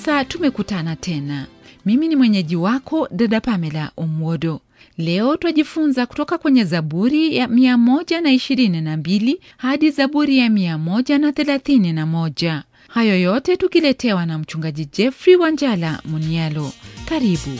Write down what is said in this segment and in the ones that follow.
Sasa tumekutana tena. Mimi ni mwenyeji wako dada Pamela Omwodo. Leo twajifunza kutoka kwenye Zaburi ya 122 hadi Zaburi ya 131. Hayo yote tukiletewa na mchungaji Jeffrey Wanjala Munialo. Karibu.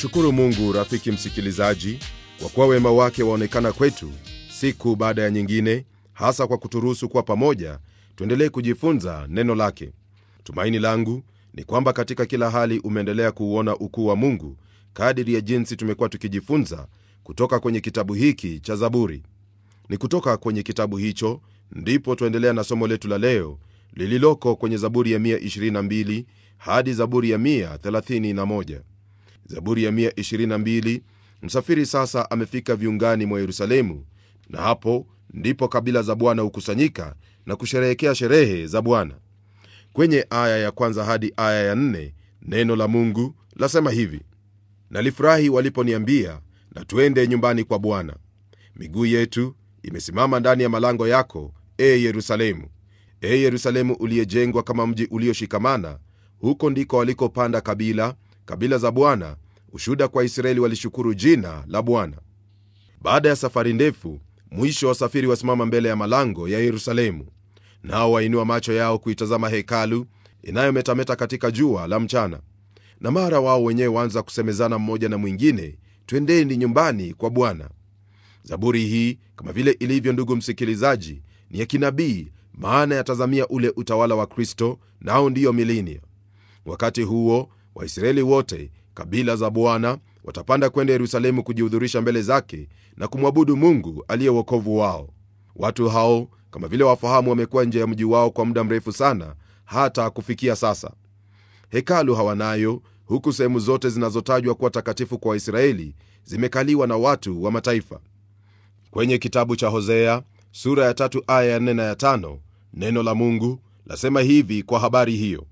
kumshukuru Mungu, rafiki msikilizaji, kwa kuwa wema wake waonekana kwetu siku baada ya nyingine, hasa kwa kuturuhusu kuwa pamoja tuendelee kujifunza neno lake. Tumaini langu ni kwamba katika kila hali umeendelea kuuona ukuu wa Mungu kadiri ya jinsi tumekuwa tukijifunza kutoka kwenye kitabu hiki cha Zaburi. Ni kutoka kwenye kitabu hicho ndipo twaendelea na somo letu la leo lililoko kwenye Zaburi ya 122 hadi Zaburi ya 131. Zaburi ya 122. Msafiri sasa amefika viungani mwa Yerusalemu, na hapo ndipo kabila za Bwana hukusanyika na kusherehekea sherehe za Bwana. Kwenye aya ya kwanza hadi aya ya nne neno la Mungu lasema hivi: nalifurahi waliponiambia na tuende nyumbani kwa Bwana. Miguu yetu imesimama ndani ya malango yako, e Yerusalemu. E Yerusalemu uliyejengwa kama mji ulioshikamana, huko ndiko walikopanda kabila kabila za Bwana, ushuda kwa Israeli walishukuru jina la Bwana. Baada ya safari ndefu, mwisho wasafiri wasimama mbele ya malango ya Yerusalemu, nao wainua macho yao kuitazama hekalu inayometameta katika jua la mchana. Na mara wao wenyewe waanza kusemezana mmoja na mwingine, twendeni nyumbani kwa Bwana. Zaburi hii kama vile ilivyo, ndugu msikilizaji, ni ya kinabii, maana yatazamia ule utawala wa Kristo, nao ndiyo milenia. Wakati huo Waisraeli wote kabila za Bwana watapanda kwenda Yerusalemu kujihudhurisha mbele zake na kumwabudu Mungu aliye wokovu wao. Watu hao kama vile wafahamu, wamekuwa nje ya mji wao kwa muda mrefu sana, hata kufikia sasa. Hekalu hawanayo, huku sehemu zote zinazotajwa kuwa takatifu kwa Waisraeli zimekaliwa na watu wa mataifa. Kwenye kitabu cha Hosea sura ya tatu aya ya nne na ya tano neno la Mungu lasema hivi kwa habari hiyo: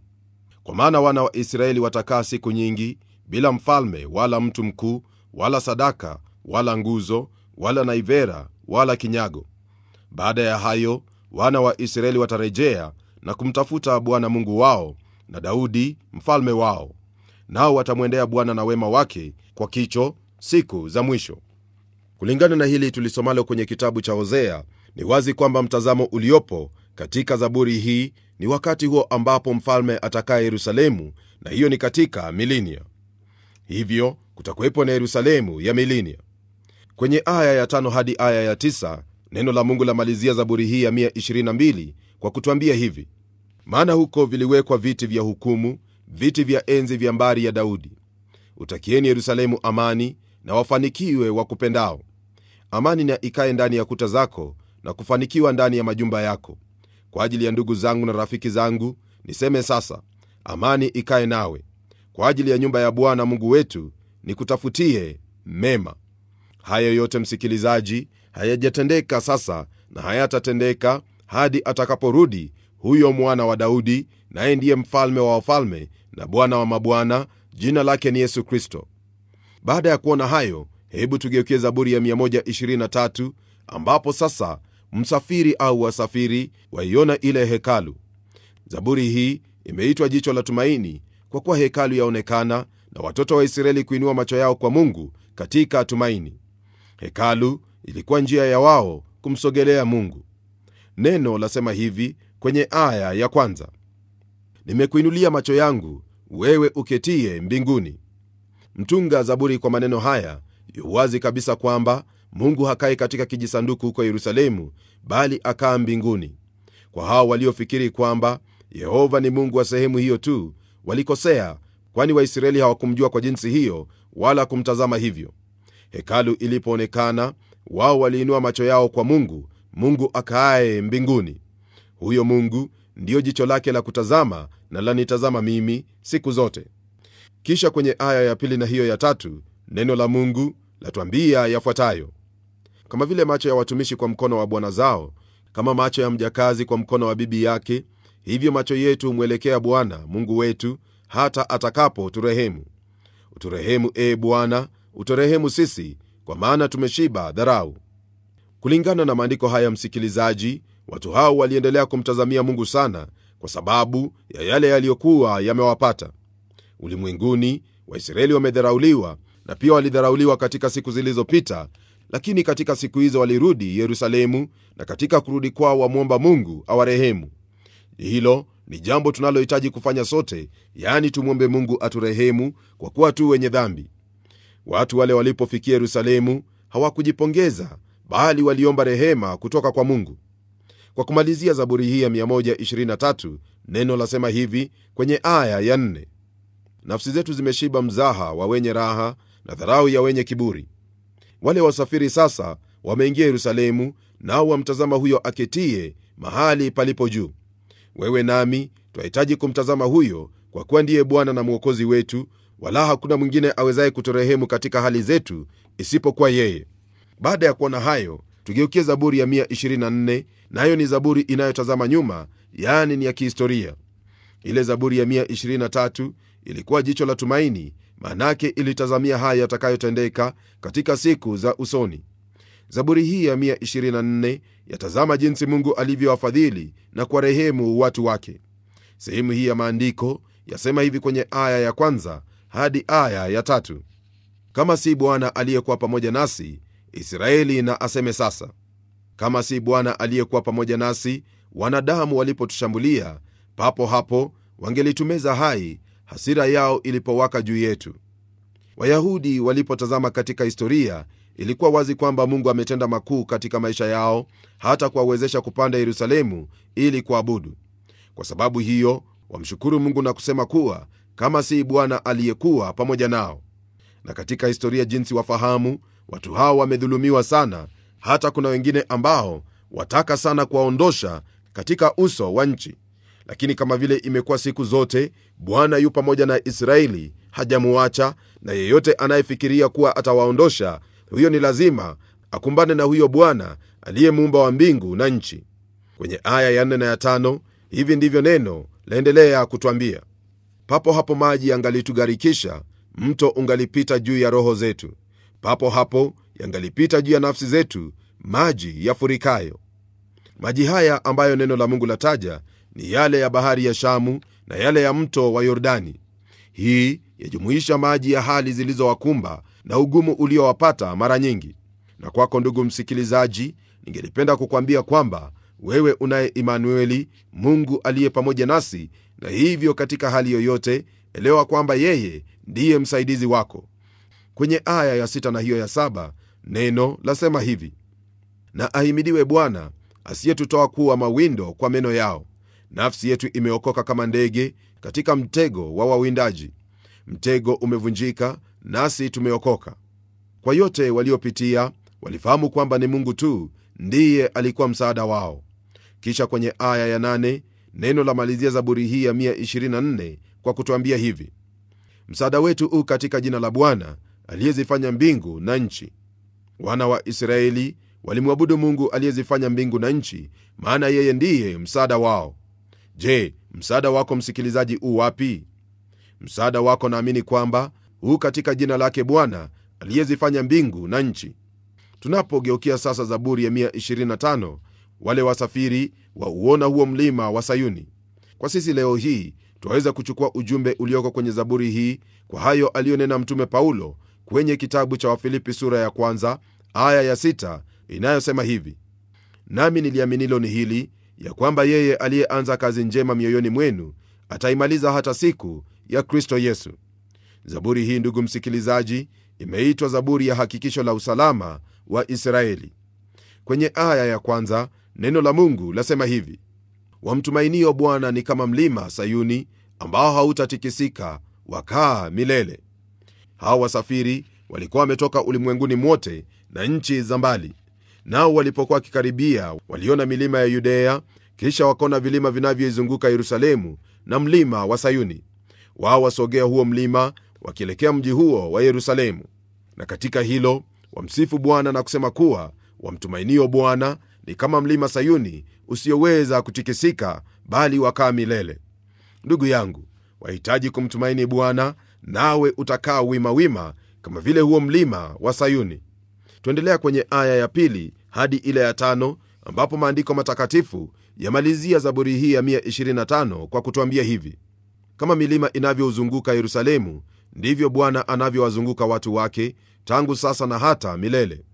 kwa maana wana wa Israeli watakaa siku nyingi bila mfalme wala mtu mkuu wala sadaka wala nguzo wala naivera wala kinyago. Baada ya hayo wana wa Israeli watarejea na kumtafuta Bwana Mungu wao na Daudi mfalme wao, nao watamwendea Bwana na wema wake kwa kicho siku za mwisho. Kulingana na hili tulisomalo kwenye kitabu cha hozea ni wazi kwamba mtazamo uliopo katika Zaburi hii ni wakati huo ambapo mfalme atakaa yerusalemu na hiyo ni katika milinia hivyo kutakuwepo na yerusalemu ya milinia kwenye aya ya tano hadi aya ya tisa neno la mungu lamalizia zaburi hii ya 22 kwa kutwambia hivi maana huko viliwekwa viti vya hukumu viti vya enzi vya mbari ya daudi utakieni yerusalemu amani na wafanikiwe wa kupendao amani na ikae ndani ya kuta zako na kufanikiwa ndani ya majumba yako kwa ajili ya ndugu zangu na rafiki zangu, niseme sasa, amani ikae nawe. Kwa ajili ya nyumba ya Bwana Mungu wetu nikutafutie mema. Hayo yote msikilizaji, hayajatendeka sasa na hayatatendeka hadi atakaporudi huyo mwana wa Daudi, naye ndiye mfalme wa wafalme na Bwana wa mabwana, jina lake ni Yesu Kristo. Baada ya kuona hayo, hebu tugeukie Zaburi ya 123 ambapo sasa msafiri au wasafiri waiona ile hekalu zaburi hii imeitwa jicho la tumaini kwa kuwa hekalu yaonekana na watoto wa israeli kuinua macho yao kwa mungu katika tumaini hekalu ilikuwa njia ya wao kumsogelea mungu neno lasema hivi kwenye aya ya kwanza nimekuinulia macho yangu wewe uketie mbinguni mtunga zaburi kwa maneno haya yuwazi kabisa kwamba mungu hakae katika kijisanduku huko yerusalemu bali akaa mbinguni kwa hao waliofikiri kwamba yehova ni mungu wa sehemu hiyo tu walikosea kwani waisraeli hawakumjua kwa jinsi hiyo wala kumtazama hivyo hekalu ilipoonekana wao waliinua macho yao kwa mungu mungu akaaye mbinguni huyo mungu ndiyo jicho lake la kutazama na lanitazama mimi siku zote kisha kwenye aya ya pili na hiyo ya tatu neno la mungu latwambia yafuatayo kama vile macho ya watumishi kwa mkono wa bwana zao, kama macho ya mjakazi kwa mkono wa bibi yake, hivyo macho yetu humwelekea Bwana Mungu wetu hata atakapo turehemu. Uturehemu, ee Bwana, uturehemu sisi, kwa maana tumeshiba dharau. Kulingana na maandiko haya, msikilizaji, watu hao waliendelea kumtazamia Mungu sana kwa sababu ya yale yaliyokuwa yamewapata ulimwenguni. Waisraeli wamedharauliwa na pia walidharauliwa katika siku zilizopita lakini katika siku hizo walirudi Yerusalemu, na katika kurudi kwao wamwomba Mungu awarehemu. Hilo ni jambo tunalohitaji kufanya sote, yaani tumwombe Mungu aturehemu kwa kuwa tu wenye dhambi. Watu wale walipofikia Yerusalemu hawakujipongeza, bali waliomba rehema kutoka kwa Mungu. Kwa kumalizia Zaburi hii ya 123 neno lasema hivi kwenye aya ya 4: nafsi zetu zimeshiba mzaha wa wenye raha na dharau ya wenye kiburi wale wasafiri sasa wameingia yerusalemu nao wamtazama huyo aketie mahali palipo juu wewe nami twahitaji kumtazama huyo kwa kuwa ndiye bwana na mwokozi wetu wala hakuna mwingine awezaye kuturehemu katika hali zetu isipokuwa yeye baada ya kuona hayo tugeukie zaburi ya 124 nayo na ni zaburi inayotazama nyuma yani ni ya kihistoria ile zaburi ya 123 ilikuwa jicho la tumaini maanake ilitazamia haya yatakayotendeka katika siku za usoni. Zaburi hii ya 24 yatazama jinsi Mungu alivyowafadhili na kuwarehemu watu wake. Sehemu hii ya maandiko yasema hivi kwenye aya ya kwanza hadi aya ya tatu: kama si Bwana aliyekuwa pamoja nasi, Israeli na aseme sasa, kama si Bwana aliyekuwa pamoja nasi, wanadamu walipotushambulia, papo hapo wangelitumeza hai hasira yao ilipowaka juu yetu. Wayahudi walipotazama katika historia, ilikuwa wazi kwamba Mungu ametenda makuu katika maisha yao, hata kuwawezesha kupanda Yerusalemu ili kuabudu. Kwa sababu hiyo, wamshukuru Mungu na kusema kuwa kama si Bwana aliyekuwa pamoja nao. Na katika historia, jinsi wafahamu, watu hao wamedhulumiwa sana, hata kuna wengine ambao wataka sana kuwaondosha katika uso wa nchi lakini kama vile imekuwa siku zote bwana yu pamoja na israeli hajamuacha na yeyote anayefikiria kuwa atawaondosha huyo ni lazima akumbane na huyo bwana aliyemuumba wa mbingu na nchi kwenye aya ya na ya tano hivi ndivyo neno laendelea kutwambia papo hapo maji yangalitugarikisha mto ungalipita juu ya roho zetu papo hapo yangalipita juu ya nafsi zetu maji yafurikayo maji haya ambayo neno la mungu lataja ni yale ya bahari ya Shamu na yale ya mto wa Yordani. Hii yajumuisha maji ya hali zilizowakumba na ugumu uliowapata mara nyingi. Na kwako ndugu msikilizaji, ningelipenda kukwambia kwamba wewe unaye Imanueli, Mungu aliye pamoja nasi, na hivyo katika hali yoyote elewa kwamba yeye ndiye msaidizi wako. Kwenye aya ya sita na hiyo ya saba neno lasema hivi: na ahimidiwe Bwana asiyetutoa kuwa mawindo kwa meno yao, Nafsi yetu imeokoka kama ndege katika mtego wa wawindaji. Mtego umevunjika, nasi tumeokoka. Kwa yote waliopitia, walifahamu kwamba ni Mungu tu ndiye alikuwa msaada wao. Kisha kwenye aya ya 8 neno la malizia Zaburi hii ya 24 kwa kutuambia hivi: msaada wetu huu katika jina la Bwana aliyezifanya mbingu na nchi. Wana wa Israeli walimwabudu Mungu aliyezifanya mbingu na nchi, maana yeye ndiye msaada wao. Je, msaada wako msikilizaji u wapi? Msaada wako naamini kwamba huu katika jina lake Bwana aliyezifanya mbingu na nchi. Tunapogeukia sasa Zaburi ya 25 wale wasafiri wa uona huo mlima wa Sayuni. Kwa sisi leo hii twaweza kuchukua ujumbe ulioko kwenye Zaburi hii kwa hayo aliyonena Mtume Paulo kwenye kitabu cha Wafilipi sura ya kwanza aya ya 6 inayosema hivi: nami niliaminilo ni hili ya kwamba yeye aliyeanza kazi njema mioyoni mwenu ataimaliza hata siku ya kristo yesu zaburi hii ndugu msikilizaji imeitwa zaburi ya hakikisho la usalama wa israeli kwenye aya ya kwanza neno la mungu lasema hivi wamtumainio bwana ni kama mlima sayuni ambao hautatikisika wakaa milele hawa wasafiri walikuwa wametoka ulimwenguni mwote na nchi za mbali Nao walipokuwa wakikaribia, waliona milima ya Yudea, kisha wakaona vilima vinavyoizunguka Yerusalemu na mlima wa Sayuni. Wao wasogea huo mlima wakielekea mji huo wa Yerusalemu, na katika hilo wamsifu Bwana na kusema kuwa wamtumainio Bwana ni kama mlima Sayuni usiyoweza kutikisika, bali wakaa milele. Ndugu yangu, wahitaji kumtumaini Bwana, nawe utakaa wimawima kama vile huo mlima wa Sayuni. Tuendelea kwenye aya ya pili hadi ile ya tano ambapo maandiko matakatifu yamalizia zaburi hii ya a25 kwa kutwambia hivi kama milima inavyouzunguka yerusalemu ndivyo bwana anavyowazunguka watu wake tangu sasa na hata milele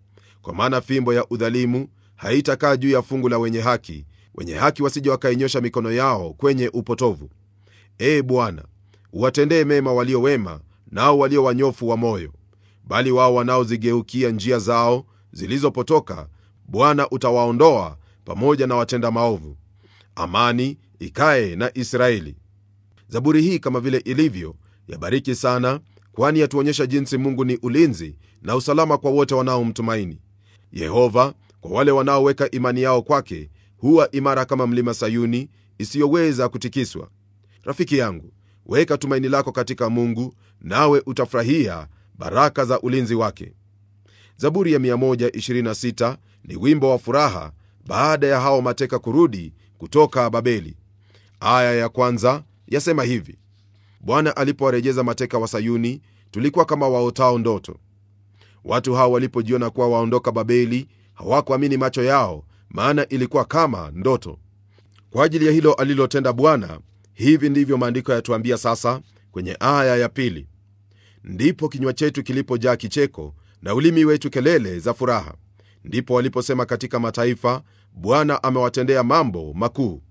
kwa maana fimbo ya udhalimu haitakaa juu ya fungu la wenye haki wenye haki wasija wakainyosha mikono yao kwenye upotovu ee bwana uwatendee mema walio wema nao walio wanyofu wa moyo bali wao wanaozigeukia njia zao zilizopotoka Bwana utawaondoa pamoja na watenda maovu. Amani ikae na Israeli. Zaburi hii kama vile ilivyo yabariki sana, kwani yatuonyesha jinsi Mungu ni ulinzi na usalama kwa wote wanaomtumaini Yehova. Kwa wale wanaoweka imani yao kwake, huwa imara kama mlima Sayuni isiyoweza kutikiswa. Rafiki yangu, weka tumaini lako katika Mungu, nawe utafurahia baraka za ulinzi wake. Zaburi ya 126 ni wimbo wa furaha baada ya hao mateka kurudi kutoka Babeli. Aya ya kwanza yasema hivi: Bwana alipowarejeza mateka wa Sayuni, tulikuwa kama waotao ndoto. Watu hao walipojiona kuwa waondoka Babeli, hawakuamini macho yao, maana ilikuwa kama ndoto. Kwa ajili ya hilo alilotenda Bwana, hivi ndivyo maandiko yatuambia sasa kwenye aya ya pili: ndipo kinywa chetu kilipojaa kicheko na ulimi wetu kelele za furaha ndipo waliposema katika mataifa, Bwana amewatendea mambo makuu.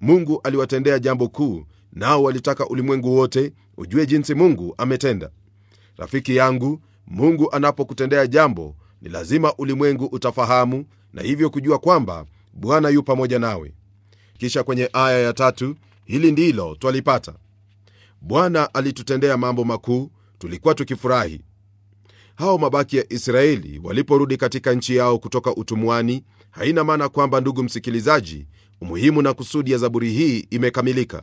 Mungu aliwatendea jambo kuu, nao walitaka ulimwengu wote ujue jinsi Mungu ametenda. Rafiki yangu, Mungu anapokutendea jambo ni lazima ulimwengu utafahamu na hivyo kujua kwamba Bwana yu pamoja nawe. Kisha kwenye aya ya tatu hili ndilo twalipata: Bwana alitutendea mambo makuu, tulikuwa tukifurahi hao mabaki ya israeli waliporudi katika nchi yao kutoka utumwani haina maana kwamba ndugu msikilizaji umuhimu na kusudi ya zaburi hii imekamilika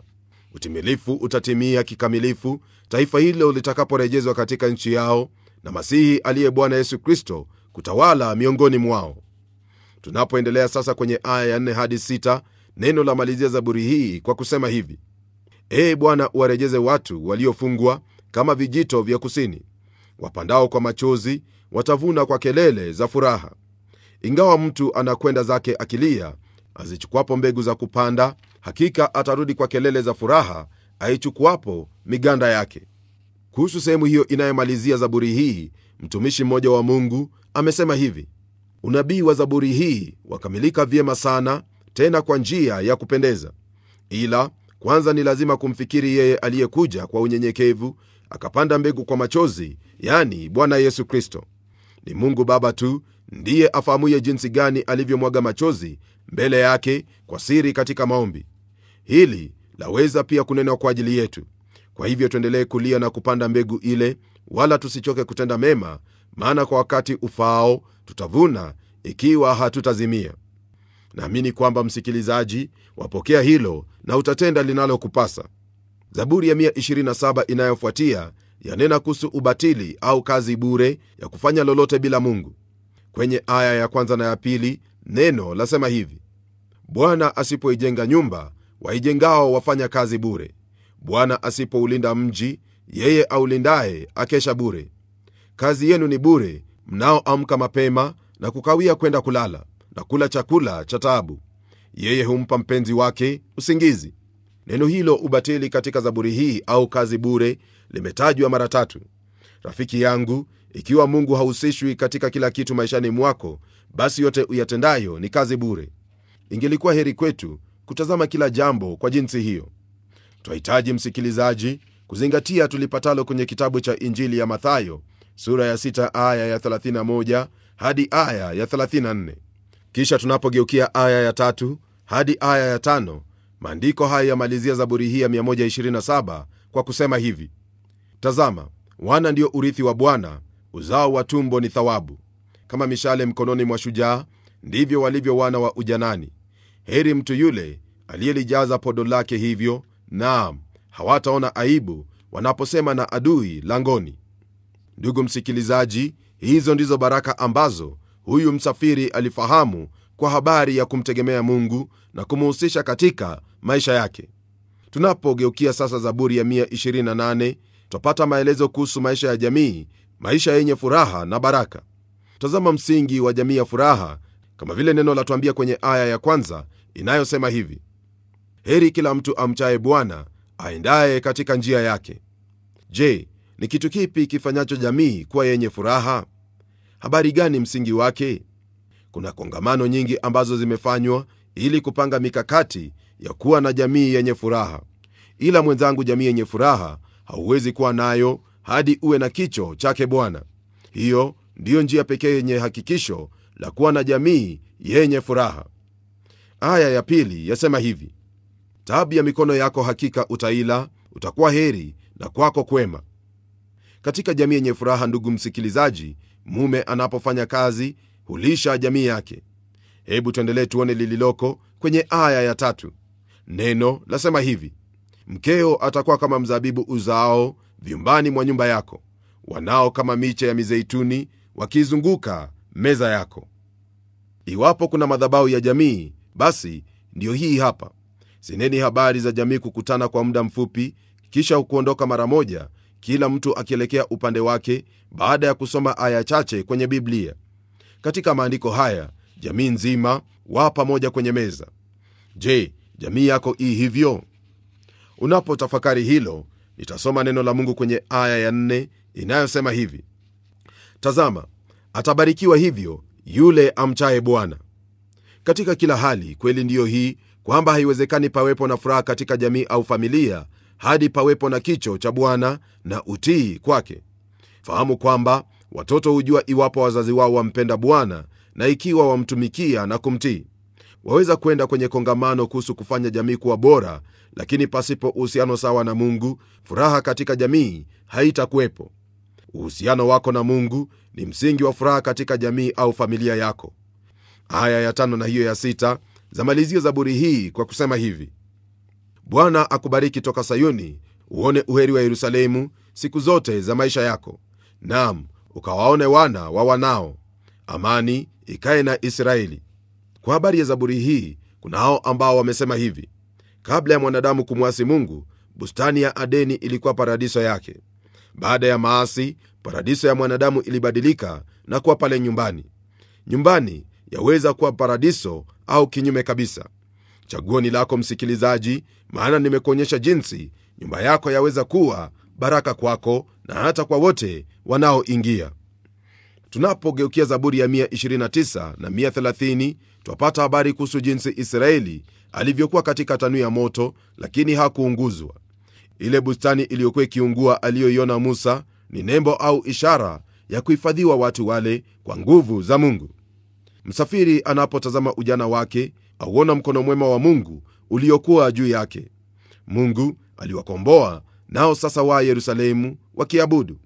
utimilifu utatimia kikamilifu taifa hilo litakaporejezwa katika nchi yao na masihi aliye bwana yesu kristo kutawala miongoni mwao tunapoendelea sasa kwenye aya ya 4 hadi 6 neno la malizia zaburi hii kwa kusema hivi ee bwana uwarejeze watu waliofungwa kama vijito vya kusini wapandao kwa machozi watavuna kwa kelele za furaha. Ingawa mtu anakwenda zake akilia, azichukuapo mbegu za kupanda, hakika atarudi kwa kelele za furaha aichukuapo miganda yake. Kuhusu sehemu hiyo inayomalizia Zaburi hii, mtumishi mmoja wa Mungu amesema hivi: unabii wa Zaburi hii wakamilika vyema sana, tena kwa njia ya kupendeza. Ila kwanza ni lazima kumfikiri yeye aliyekuja kwa unyenyekevu akapanda mbegu kwa machozi yani bwana yesu kristo ni mungu baba tu ndiye afahamuye jinsi gani alivyomwaga machozi mbele yake kwa siri katika maombi hili laweza pia kunenwa kwa ajili yetu kwa hivyo tuendelee kulia na kupanda mbegu ile wala tusichoke kutenda mema maana kwa wakati ufaao tutavuna ikiwa hatutazimia naamini kwamba msikilizaji wapokea hilo na utatenda linalokupasa zaburi ya 127 inayofuatia yanena kuhusu ubatili au kazi bure ya kufanya lolote bila mungu kwenye aya ya kwanza na ya pili neno lasema hivi bwana asipoijenga nyumba waijengao wafanya kazi bure bwana asipoulinda mji yeye aulindaye akesha bure kazi yenu ni bure mnaoamka mapema na kukawia kwenda kulala na kula chakula cha taabu yeye humpa mpenzi wake usingizi Neno hilo ubatili katika Zaburi hii au kazi bure limetajwa mara tatu. Rafiki yangu, ikiwa Mungu hahusishwi katika kila kitu maishani mwako, basi yote uyatendayo ni kazi bure. Ingelikuwa heri kwetu kutazama kila jambo kwa jinsi hiyo. Twahitaji msikilizaji kuzingatia tulipatalo kwenye kitabu cha Injili ya Mathayo sura ya 6 aya ya 31 hadi aya ya 34. Kisha tunapogeukia aya ya 3 hadi aya ya Maandiko haya yamalizia Zaburi hii ya 127 kwa kusema hivi: Tazama, wana ndio urithi wa Bwana, uzao wa tumbo ni thawabu. Kama mishale mkononi mwa shujaa, ndivyo walivyo wana wa ujanani. Heri mtu yule aliyelijaza podo lake hivyo, naam, hawataona aibu wanaposema na adui langoni. Ndugu msikilizaji, hizo ndizo baraka ambazo huyu msafiri alifahamu kwa habari ya kumtegemea Mungu na kumuhusisha katika maisha yake. Tunapogeukia sasa Zaburi ya 128 twapata maelezo kuhusu maisha ya jamii, maisha yenye furaha na baraka. Tazama msingi wa jamii ya furaha kama vile neno la tuambia kwenye aya ya kwanza inayosema hivi: heri kila mtu amchaye Bwana aendaye katika njia yake. Je, ni kitu kipi kifanyacho jamii kuwa yenye furaha? Habari gani msingi wake? kuna kongamano nyingi ambazo zimefanywa ili kupanga mikakati ya kuwa na jamii yenye furaha. Ila mwenzangu, jamii yenye furaha hauwezi kuwa nayo hadi uwe na kicho chake Bwana. Hiyo ndiyo njia pekee yenye hakikisho la kuwa na jamii yenye furaha. Aya ya pili yasema hivi: tabu ya mikono yako hakika utaila, utakuwa heri na kwako kwema. Katika jamii yenye furaha, ndugu msikilizaji, mume anapofanya kazi hulisha jamii yake. Hebu tuendelee tuone lililoko kwenye aya ya tatu. Neno lasema hivi: mkeo atakuwa kama mzabibu uzao vyumbani mwa nyumba yako, wanao kama miche ya mizeituni wakiizunguka meza yako. Iwapo kuna madhabau ya jamii, basi ndiyo hii hapa. sineni habari za jamii kukutana kwa muda mfupi, kisha kuondoka mara moja, kila mtu akielekea upande wake, baada ya kusoma aya chache kwenye Biblia. Katika maandiko haya jamii nzima wa pamoja kwenye meza. Je, jamii yako ii hivyo? Unapotafakari hilo, nitasoma neno la Mungu kwenye aya ya nne inayosema hivi: Tazama, atabarikiwa hivyo yule amchaye Bwana. Katika kila hali kweli ndiyo hii kwamba haiwezekani pawepo na furaha katika jamii au familia hadi pawepo na kicho cha Bwana na utii kwake. Fahamu kwamba Watoto hujua iwapo wazazi wao wampenda Bwana na ikiwa wamtumikia na kumtii. Waweza kwenda kwenye kongamano kuhusu kufanya jamii kuwa bora, lakini pasipo uhusiano sawa na Mungu, furaha katika jamii haitakuwepo. Uhusiano wako na Mungu ni msingi wa furaha katika jamii au familia yako. Aya ya tano na hiyo ya sita zamalizia Zaburi hii kwa kusema hivi: Bwana akubariki toka Sayuni, uone uheri wa Yerusalemu siku zote za maisha yako. Naam, ukawaone wana wa wanao amani ikaye na israeli kwa habari ya zaburi hii kuna hao ambao wamesema hivi kabla ya mwanadamu kumwasi mungu bustani ya adeni ilikuwa paradiso yake baada ya maasi paradiso ya mwanadamu ilibadilika na kuwa pale nyumbani nyumbani yaweza kuwa paradiso au kinyume kabisa chaguo ni lako msikilizaji maana nimekuonyesha jinsi nyumba yako yaweza kuwa baraka kwako na hata kwa wote wanaoingia. Tunapogeukia Zaburi ya 129 na 130 twapata habari kuhusu jinsi Israeli alivyokuwa katika tanu ya moto, lakini hakuunguzwa. Ile bustani iliyokuwa ikiungua aliyoiona Musa ni nembo au ishara ya kuhifadhiwa watu wale kwa nguvu za Mungu. Msafiri anapotazama ujana wake auona mkono mwema wa Mungu uliokuwa juu yake. Mungu aliwakomboa nao sasa wa Yerusalemu wakiabudu.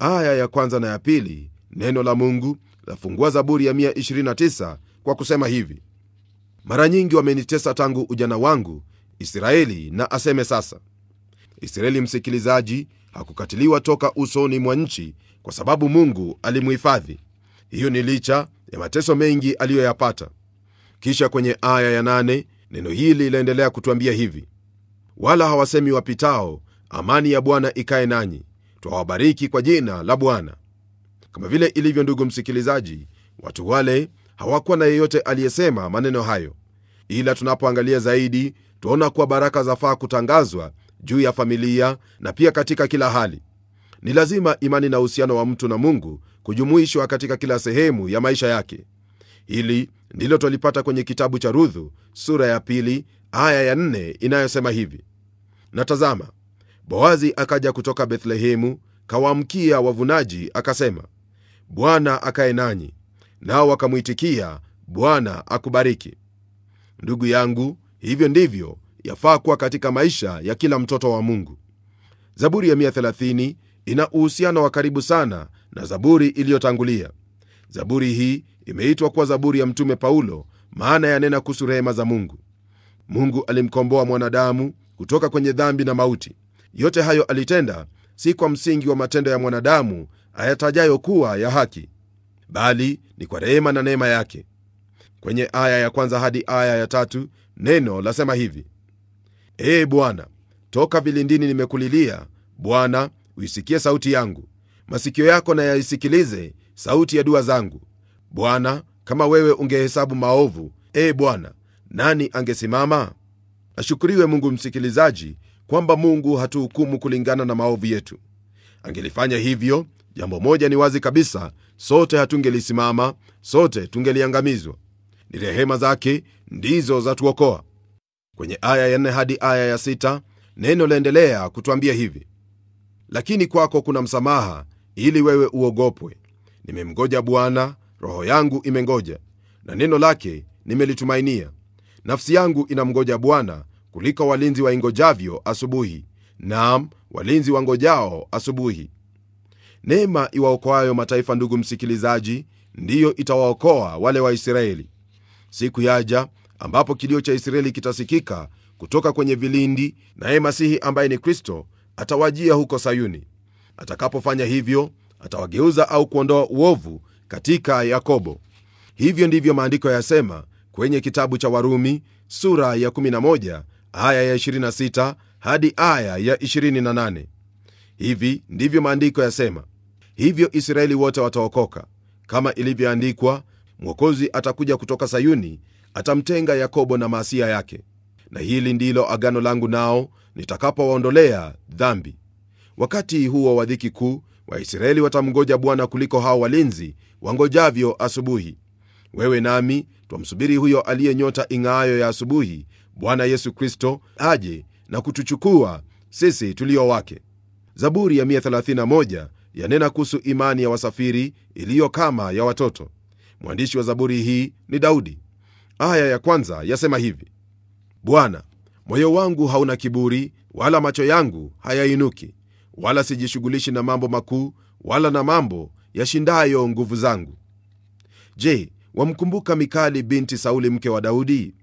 Aya ya kwanza na ya pili, neno la Mungu lafungua Zaburi ya 129 kwa kusema hivi: mara nyingi wamenitesa tangu ujana wangu, Israeli na aseme sasa. Israeli msikilizaji hakukatiliwa toka usoni mwa nchi, kwa sababu Mungu alimhifadhi. Hiyo ni licha ya mateso mengi aliyoyapata. Kisha kwenye aya ya nane neno hili linaendelea kutuambia hivi: wala hawasemi wapitao, amani ya Bwana ikae nanyi, twawabariki kwa jina la Bwana. Kama vile ilivyo, ndugu msikilizaji, watu wale hawakuwa na yeyote aliyesema maneno hayo, ila tunapoangalia zaidi twaona kuwa baraka zafaa kutangazwa juu ya familia na pia katika kila hali. Ni lazima imani na uhusiano wa mtu na Mungu kujumuishwa katika kila sehemu ya maisha yake. Hili ndilo twalipata kwenye kitabu cha Ruthu sura ya pili aya ya nne inayosema hivi: natazama, Boazi akaja kutoka Bethlehemu, kawaamkia wavunaji, akasema, Bwana akae nanyi. Nao wakamwitikia, Bwana akubariki. Ndugu yangu, hivyo ndivyo yafaa kuwa katika maisha ya kila mtoto wa Mungu. Zaburi ya 130 ina uhusiano wa karibu sana na zaburi iliyotangulia. Zaburi hii imeitwa kuwa zaburi ya Mtume Paulo, maana yanena kuhusu rehema za Mungu. Mungu alimkomboa mwanadamu kutoka kwenye dhambi na mauti. Yote hayo alitenda si kwa msingi wa matendo ya mwanadamu ayatajayo kuwa ya haki, bali ni kwa rehema na neema yake. Kwenye aya ya kwanza hadi aya ya tatu neno lasema hivi: Ee Bwana, toka vilindini nimekulilia. Bwana, uisikie sauti yangu, masikio yako na yaisikilize sauti ya dua zangu. Bwana, kama wewe ungehesabu maovu, ee Bwana, nani angesimama? Ashukuriwe Mungu msikilizaji kwamba mungu hatuhukumu kulingana na maovu yetu angelifanya hivyo jambo moja ni wazi kabisa sote hatungelisimama sote tungeliangamizwa ni rehema zake ndizo zatuokoa kwenye aya ya nne hadi aya ya sita neno laendelea kutwambia hivi lakini kwako kuna msamaha ili wewe uogopwe nimemgoja bwana roho yangu imengoja na neno lake nimelitumainia nafsi yangu inamgoja bwana kuliko walinzi waingojavyo asubuhi naam walinzi wangojao asubuhi neema iwaokoayo mataifa ndugu msikilizaji ndiyo itawaokoa wale waisraeli siku yaja ambapo kilio cha israeli kitasikika kutoka kwenye vilindi naye masihi ambaye ni kristo atawajia huko sayuni atakapofanya hivyo atawageuza au kuondoa uovu katika yakobo hivyo ndivyo maandiko yasema kwenye kitabu cha warumi sura ya 11 aya ya 26 hadi aya ya 28. Hivi ndivyo maandiko yasema: hivyo Israeli wote wataokoka, kama ilivyoandikwa, Mwokozi atakuja kutoka Sayuni, atamtenga Yakobo na maasia yake. Na hili ndilo agano langu nao, nitakapowaondolea dhambi. Wakati huo wa dhiki kuu, Waisraeli watamngoja Bwana kuliko hao walinzi wangojavyo asubuhi. Wewe nami twamsubiri huyo aliye nyota ing'aayo ya asubuhi, Bwana Yesu Kristo aje na kutuchukua sisi tulio wake. Zaburi ya 131 yanena kuhusu imani ya wasafiri iliyo kama ya watoto. Mwandishi wa zaburi hii ni Daudi. Aya ya kwanza yasema hivi: Bwana, moyo wangu hauna kiburi, wala macho yangu hayainuki, wala sijishughulishi na mambo makuu, wala na mambo yashindayo nguvu zangu. Je, wamkumbuka Mikali binti Sauli, mke wa Daudi?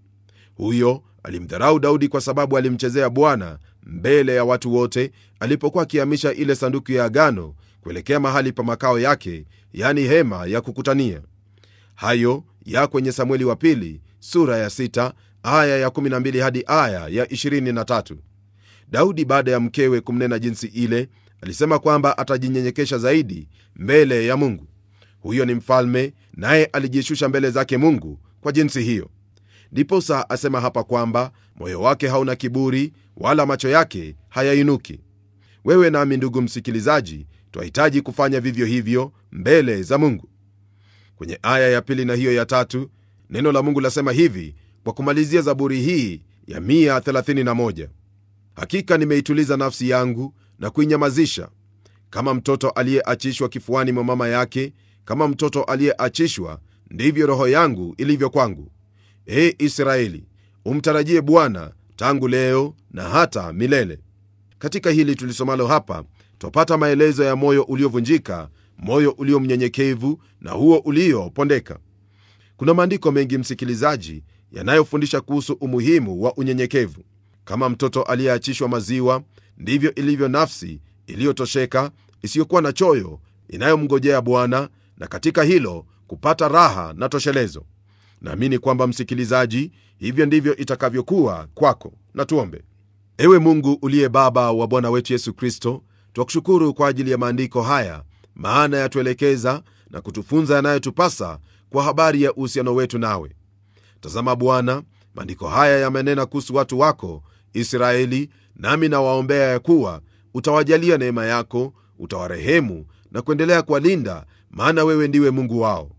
Huyo Alimdharau Daudi kwa sababu alimchezea Bwana mbele ya watu wote alipokuwa akihamisha ile sanduku ya agano kuelekea mahali pa makao yake, yani hema ya kukutania. Hayo ya kwenye Samueli wa pili sura ya sita aya ya mbili hadi aya ya tatu. Daudi baada ya mkewe kumnena jinsi ile, alisema kwamba atajinyenyekesha zaidi mbele ya Mungu. Huyo ni mfalme, naye alijishusha mbele zake Mungu kwa jinsi hiyo ndiposa asema hapa kwamba moyo wake hauna kiburi wala macho yake hayainuki wewe nami ndugu msikilizaji twahitaji kufanya vivyo hivyo mbele za mungu kwenye aya ya pili na hiyo ya tatu neno la mungu lasema hivi kwa kumalizia zaburi hii ya 131 hakika nimeituliza nafsi yangu na kuinyamazisha kama mtoto aliyeachishwa kifuani mwa mama yake kama mtoto aliyeachishwa ndivyo roho yangu ilivyo kwangu e Israeli, umtarajie Bwana tangu leo na hata milele. Katika hili tulisomalo hapa twapata maelezo ya moyo uliovunjika, moyo ulio mnyenyekevu na huo uliopondeka. Kuna maandiko mengi, msikilizaji, yanayofundisha kuhusu umuhimu wa unyenyekevu. Kama mtoto aliyeachishwa maziwa, ndivyo ilivyo nafsi iliyotosheka isiyokuwa na choyo inayomngojea Bwana, na katika hilo kupata raha na toshelezo. Naamini kwamba msikilizaji, hivyo ndivyo itakavyokuwa kwako. Na tuombe. Ewe Mungu uliye Baba wa Bwana wetu Yesu Kristo, twakushukuru kwa ajili ya maandiko haya, maana yatuelekeza na kutufunza yanayotupasa kwa habari ya uhusiano wetu nawe. Tazama Bwana, maandiko haya yamenena kuhusu watu wako Israeli, nami nawaombea ya kuwa utawajalia neema yako, utawarehemu na kuendelea kuwalinda, maana wewe ndiwe Mungu wao.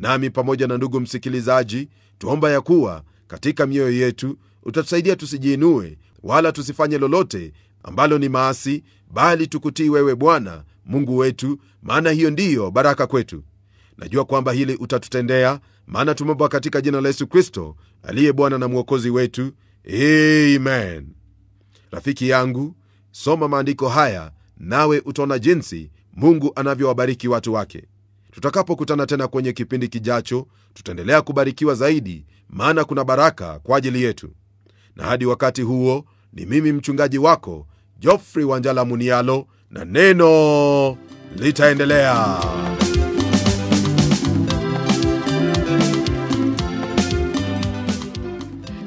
Nami pamoja na ndugu msikilizaji, tuomba ya kuwa katika mioyo yetu utatusaidia tusijiinue wala tusifanye lolote ambalo ni maasi, bali tukutii wewe Bwana Mungu wetu, maana hiyo ndiyo baraka kwetu. Najua kwamba hili utatutendea, maana tumeomba katika jina la Yesu Kristo aliye Bwana na Mwokozi wetu, amen. Rafiki yangu, soma maandiko haya nawe utaona jinsi Mungu anavyowabariki watu wake tutakapokutana tena kwenye kipindi kijacho tutaendelea kubarikiwa zaidi maana kuna baraka kwa ajili yetu na hadi wakati huo ni mimi mchungaji wako jofrey wanjala munialo na neno litaendelea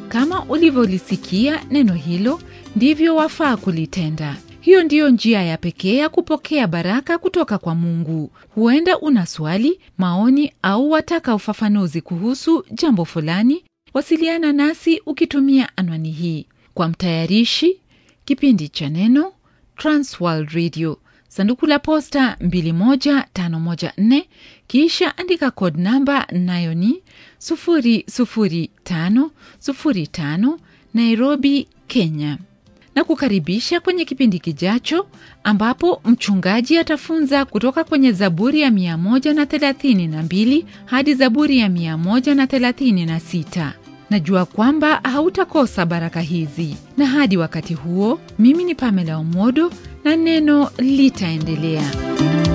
kama ulivyolisikia neno hilo ndivyo wafaa kulitenda hiyo ndiyo njia ya pekee ya kupokea baraka kutoka kwa Mungu. Huenda una swali, maoni au wataka ufafanuzi kuhusu jambo fulani, wasiliana nasi ukitumia anwani hii. Kwa mtayarishi kipindi cha Neno, Transworld Radio, sanduku la posta 21514, kisha andika code namba, nayo ni 00505 Nairobi, Kenya na kukaribisha kwenye kipindi kijacho ambapo mchungaji atafunza kutoka kwenye Zaburi ya 132 hadi Zaburi ya 136. Na najua kwamba hautakosa baraka hizi, na hadi wakati huo, mimi ni Pamela Omodo na neno litaendelea.